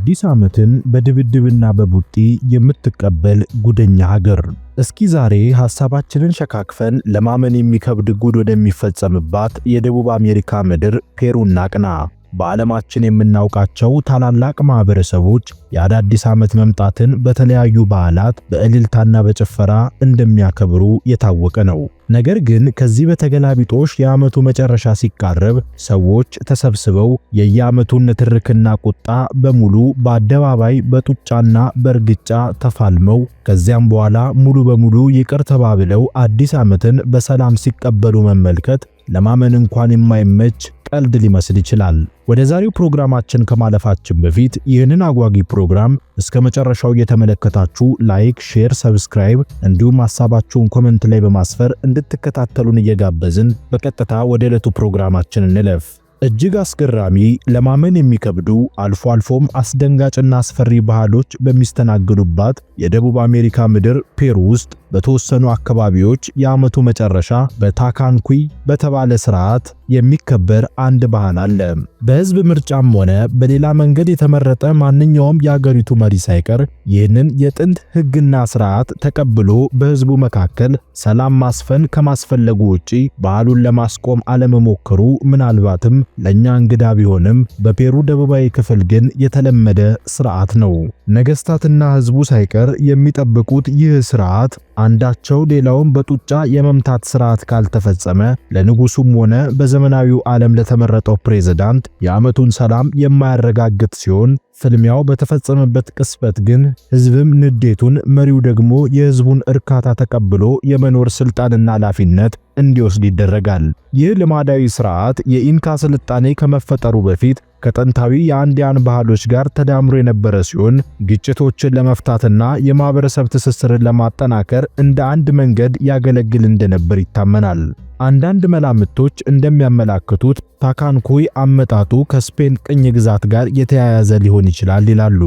አዲስ ዓመትን በድብድብና በቡጢ የምትቀበል ጉደኛ ሀገር። እስኪ ዛሬ ሐሳባችንን ሸካክፈን ለማመን የሚከብድ ጉድ ወደሚፈጸምባት የደቡብ አሜሪካ ምድር ፔሩ እናቅና። በዓለማችን የምናውቃቸው ታላላቅ ማህበረሰቦች የአዳዲስ ዓመት መምጣትን በተለያዩ በዓላት በእልልታና በጭፈራ እንደሚያከብሩ የታወቀ ነው። ነገር ግን ከዚህ በተገላቢጦሽ የዓመቱ መጨረሻ ሲቃረብ ሰዎች ተሰብስበው የየዓመቱን ንትርክና ቁጣ በሙሉ በአደባባይ በጡጫና በእርግጫ ተፋልመው ከዚያም በኋላ ሙሉ በሙሉ ይቅር ተባብለው አዲስ ዓመትን በሰላም ሲቀበሉ መመልከት ለማመን እንኳን የማይመች ቀልድ ሊመስል ይችላል። ወደ ዛሬው ፕሮግራማችን ከማለፋችን በፊት ይህንን አጓጊ ፕሮግራም እስከ መጨረሻው እየተመለከታችሁ ላይክ፣ ሼር፣ ሰብስክራይብ እንዲሁም ሀሳባችሁን ኮመንት ላይ በማስፈር እንድትከታተሉን እየጋበዝን በቀጥታ ወደ ዕለቱ ፕሮግራማችን እንለፍ። እጅግ አስገራሚ ለማመን የሚከብዱ አልፎ አልፎም አስደንጋጭና አስፈሪ ባህሎች በሚስተናገዱባት የደቡብ አሜሪካ ምድር ፔሩ ውስጥ በተወሰኑ አካባቢዎች የዓመቱ መጨረሻ በታካንኩይ በተባለ ስርዓት የሚከበር አንድ ባህል አለ። በህዝብ ምርጫም ሆነ በሌላ መንገድ የተመረጠ ማንኛውም የአገሪቱ መሪ ሳይቀር ይህንን የጥንት ህግና ስርዓት ተቀብሎ በህዝቡ መካከል ሰላም ማስፈን ከማስፈለጉ ውጪ ባህሉን ለማስቆም አለመሞከሩ ምናልባትም ለእኛ እንግዳ ቢሆንም በፔሩ ደቡባዊ ክፍል ግን የተለመደ ስርዓት ነው። ነገስታትና ህዝቡ ሳይቀር የሚጠብቁት ይህ ስርዓት አንዳቸው ሌላውን በጡጫ የመምታት ስርዓት ካልተፈጸመ ለንጉሱም ሆነ በዘመናዊው ዓለም ለተመረጠው ፕሬዝዳንት የዓመቱን ሰላም የማያረጋግጥ ሲሆን ፍልሚያው በተፈጸመበት ቅስበት ግን ህዝብም ንዴቱን፣ መሪው ደግሞ የህዝቡን እርካታ ተቀብሎ የመኖር ስልጣንና ኃላፊነት እንዲወስድ ይደረጋል። ይህ ልማዳዊ ስርዓት የኢንካ ስልጣኔ ከመፈጠሩ በፊት ከጥንታዊ የአንዲያን ባህሎች ጋር ተዳምሮ የነበረ ሲሆን ግጭቶችን ለመፍታትና የማህበረሰብ ትስስርን ለማጠናከር እንደ አንድ መንገድ ያገለግል እንደነበር ይታመናል። አንዳንድ መላምቶች እንደሚያመላክቱት ታካንኩይ አመጣጡ ከስፔን ቅኝ ግዛት ጋር የተያያዘ ሊሆን ይችላል ይላሉ።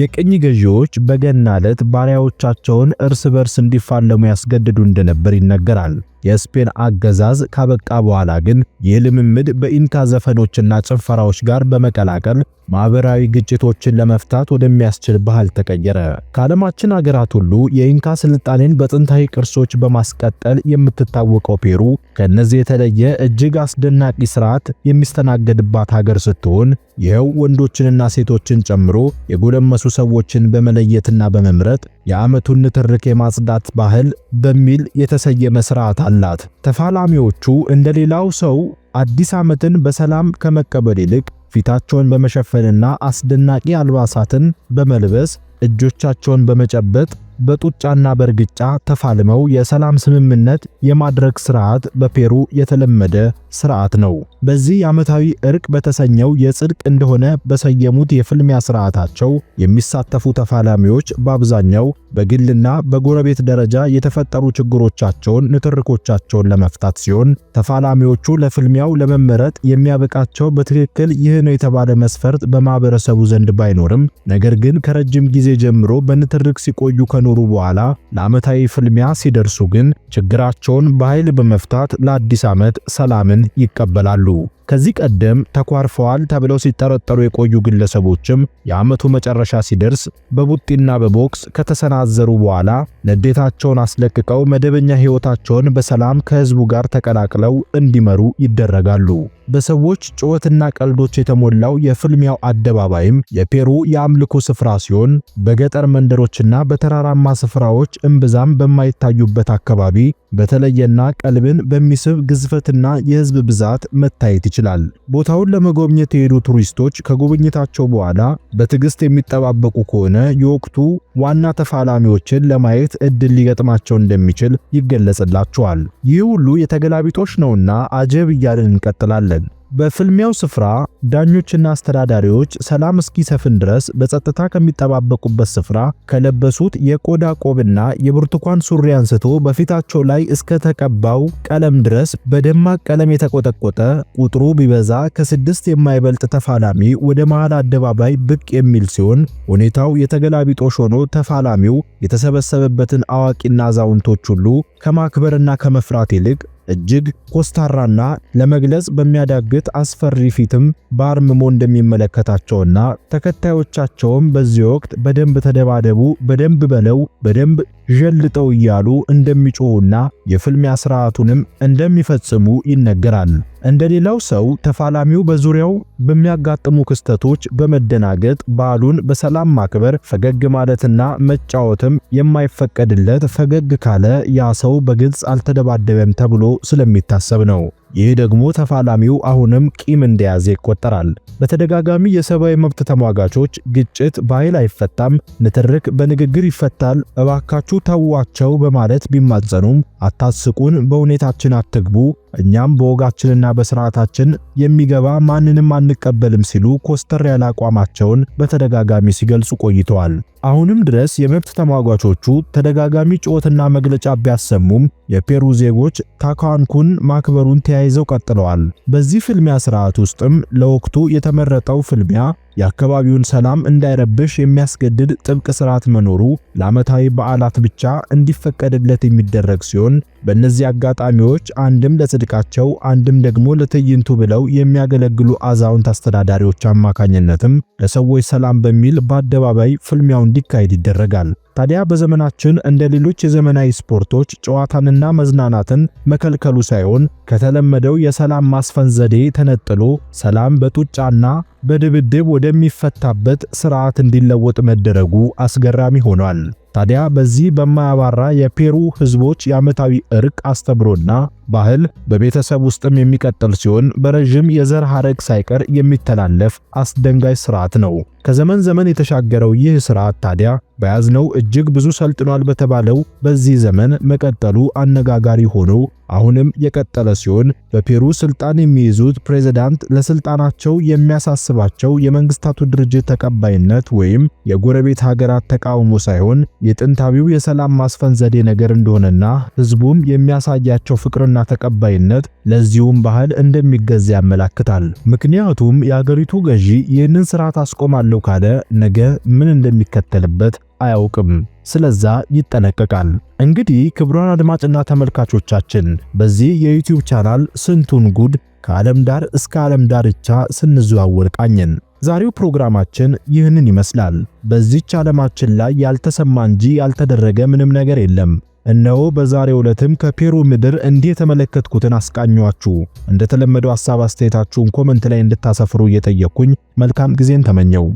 የቅኝ ገዢዎች በገና ዕለት ባሪያዎቻቸውን እርስ በርስ እንዲፋለሙ ያስገድዱ እንደነበር ይነገራል። የስፔን አገዛዝ ካበቃ በኋላ ግን ይህ ልምምድ በኢንካ ዘፈኖችና ጭፈራዎች ጋር በመቀላቀል ማህበራዊ ግጭቶችን ለመፍታት ወደሚያስችል ባህል ተቀየረ። ከዓለማችን አገራት ሁሉ የኢንካ ስልጣኔን በጥንታዊ ቅርሶች በማስቀጠል የምትታወቀው ፔሩ ከእነዚህ የተለየ እጅግ አስደናቂ ስርዓት የሚስተናገድባት ሀገር ስትሆን ይኸው ወንዶችንና ሴቶችን ጨምሮ የጎለመሱ ሰዎችን በመለየትና በመምረጥ የዓመቱን ንትርክ የማጽዳት ባህል በሚል የተሰየመ ስርዓት አላት። ተፋላሚዎቹ እንደሌላው ሰው አዲስ ዓመትን በሰላም ከመቀበል ይልቅ ፊታቸውን በመሸፈንና አስደናቂ አልባሳትን በመልበስ እጆቻቸውን በመጨበጥ በጡጫና በእርግጫ ተፋልመው የሰላም ስምምነት የማድረግ ስርዓት በፔሩ የተለመደ ስርዓት ነው። በዚህ ዓመታዊ እርቅ በተሰኘው የጽድቅ እንደሆነ በሰየሙት የፍልሚያ ስርዓታቸው የሚሳተፉ ተፋላሚዎች በአብዛኛው በግልና በጎረቤት ደረጃ የተፈጠሩ ችግሮቻቸውን፣ ንትርኮቻቸውን ለመፍታት ሲሆን ተፋላሚዎቹ ለፍልሚያው ለመመረጥ የሚያበቃቸው በትክክል ይህ ነው የተባለ መስፈርት በማህበረሰቡ ዘንድ ባይኖርም ነገር ግን ከረጅም ጊዜ ጀምሮ በንትርክ ሲቆዩ ከኖሩ በኋላ ለዓመታዊ ፍልሚያ ሲደርሱ ግን ችግራቸውን በኃይል በመፍታት ለአዲስ ዓመት ሰላምን ይቀበላሉ። ከዚህ ቀደም ተኳርፈዋል ተብለው ሲጠረጠሩ የቆዩ ግለሰቦችም የዓመቱ መጨረሻ ሲደርስ በቡጢና በቦክስ ከተሰናዘሩ በኋላ ንዴታቸውን አስለቅቀው መደበኛ ሕይወታቸውን በሰላም ከሕዝቡ ጋር ተቀላቅለው እንዲመሩ ይደረጋሉ። በሰዎች ጩኸትና ቀልዶች የተሞላው የፍልሚያው አደባባይም የፔሩ የአምልኮ ስፍራ ሲሆን በገጠር መንደሮችና በተራራማ ስፍራዎች እምብዛም በማይታዩበት አካባቢ በተለየና ቀልብን በሚስብ ግዝፈትና የሕዝብ ብዛት መታየት ይችላል። ይችላል። ቦታውን ለመጎብኘት የሄዱ ቱሪስቶች ከጉብኝታቸው በኋላ በትዕግስት የሚጠባበቁ ከሆነ የወቅቱ ዋና ተፋላሚዎችን ለማየት እድል ሊገጥማቸው እንደሚችል ይገለጽላቸዋል። ይህ ሁሉ የተገላቢጦሽ ነውና አጀብ እያልን እንቀጥላለን። በፍልሚያው ስፍራ ዳኞችና አስተዳዳሪዎች ሰላም እስኪሰፍን ድረስ በጸጥታ ከሚጠባበቁበት ስፍራ ከለበሱት የቆዳ ቆብና የብርቱካን ሱሪ አንስቶ በፊታቸው ላይ እስከ ተቀባው ቀለም ድረስ በደማቅ ቀለም የተቆጠቆጠ ቁጥሩ ቢበዛ ከስድስት የማይበልጥ ተፋላሚ ወደ መሃል አደባባይ ብቅ የሚል ሲሆን ሁኔታው የተገላቢጦሽ ሆኖ ተፋላሚው የተሰበሰበበትን አዋቂና አዛውንቶች ሁሉ ከማክበርና ከመፍራት ይልቅ እጅግ ኮስታራና ለመግለጽ በሚያዳግት አስፈሪ ፊትም በአርምሞ እንደሚመለከታቸውና ተከታዮቻቸውም በዚህ ወቅት በደንብ ተደባደቡ፣ በደንብ በለው፣ በደንብ ዠልጠው እያሉ እንደሚጮሁና የፍልሚያ ስርዓቱንም እንደሚፈጽሙ ይነገራል። እንደሌላው ሰው ተፋላሚው በዙሪያው በሚያጋጥሙ ክስተቶች በመደናገጥ በዓሉን በሰላም ማክበር፣ ፈገግ ማለትና መጫወትም የማይፈቀድለት ፈገግ ካለ ያ ሰው በግልጽ አልተደባደበም ተብሎ ስለሚታሰብ ነው። ይህ ደግሞ ተፋላሚው አሁንም ቂም እንደያዘ ይቆጠራል። በተደጋጋሚ የሰብአዊ መብት ተሟጋቾች ግጭት በኃይል አይፈታም፣ ንትርክ በንግግር ይፈታል፣ እባካችሁ ተዋቸው በማለት ቢማጸኑም አታስቁን፣ በሁኔታችን አትግቡ፣ እኛም በወጋችንና በስርዓታችን የሚገባ ማንንም አንቀበልም ሲሉ ኮስተር ያለ አቋማቸውን በተደጋጋሚ ሲገልጹ ቆይተዋል። አሁንም ድረስ የመብት ተሟጋቾቹ ተደጋጋሚ ጩኸትና መግለጫ ቢያሰሙም የፔሩ ዜጎች ታካንኩን ማክበሩን ተያ ተያይዘው ቀጥለዋል። በዚህ ፍልሚያ ስርዓት ውስጥም ለወቅቱ የተመረጠው ፍልሚያ የአካባቢውን ሰላም እንዳይረብሽ የሚያስገድድ ጥብቅ ስርዓት መኖሩ ለዓመታዊ በዓላት ብቻ እንዲፈቀድለት የሚደረግ ሲሆን በእነዚህ አጋጣሚዎች አንድም ለጽድቃቸው አንድም ደግሞ ለትዕይንቱ ብለው የሚያገለግሉ አዛውንት አስተዳዳሪዎች አማካኝነትም ለሰዎች ሰላም በሚል በአደባባይ ፍልሚያው እንዲካሄድ ይደረጋል። ታዲያ በዘመናችን እንደ ሌሎች የዘመናዊ ስፖርቶች ጨዋታንና መዝናናትን መከልከሉ ሳይሆን ከተለመደው የሰላም ማስፈን ዘዴ ተነጥሎ ሰላም በጡጫና በድብድብ ወደሚፈታበት ስርዓት እንዲለወጥ መደረጉ አስገራሚ ሆኗል። ታዲያ በዚህ በማያባራ የፔሩ ህዝቦች የዓመታዊ እርቅ አስተምሮና ባህል በቤተሰብ ውስጥም የሚቀጥል ሲሆን በረዥም የዘር ሐረግ ሳይቀር የሚተላለፍ አስደንጋጭ ስርዓት ነው። ከዘመን ዘመን የተሻገረው ይህ ስርዓት ታዲያ በያዝነው እጅግ ብዙ ሰልጥኗል በተባለው በዚህ ዘመን መቀጠሉ አነጋጋሪ ሆኖ አሁንም የቀጠለ ሲሆን በፔሩ ስልጣን የሚይዙት ፕሬዝዳንት ለስልጣናቸው የሚያሳስባቸው የመንግስታቱ ድርጅት ተቀባይነት ወይም የጎረቤት ሀገራት ተቃውሞ ሳይሆን የጥንታዊው የሰላም ማስፈን ዘዴ ነገር እንደሆነና ህዝቡም የሚያሳያቸው ፍቅርና ተቀባይነት ለዚሁም ባህል እንደሚገዛ ያመላክታል። ምክንያቱም የአገሪቱ ገዢ ይህንን ስርዓት አስቆማለሁ ካለ ነገ ምን እንደሚከተልበት አያውቅም። ስለዛ ይጠነቀቃል። እንግዲህ ክቡራን አድማጭና ተመልካቾቻችን በዚህ የዩቲዩብ ቻናል ስንቱን ጉድ ከዓለም ዳር እስከ ዓለም ዳርቻ ስንዘዋወር ቃኘን። ዛሬው ፕሮግራማችን ይህንን ይመስላል። በዚች ዓለማችን ላይ ያልተሰማ እንጂ ያልተደረገ ምንም ነገር የለም። እነሆ በዛሬ ዕለትም ከፔሩ ምድር እንዲህ የተመለከትኩትን አስቃኘኋችሁ። እንደተለመደው ሐሳብ አስተያየታችሁን ኮመንት ላይ እንድታሰፍሩ እየጠየቅኩኝ መልካም ጊዜን ተመኘው።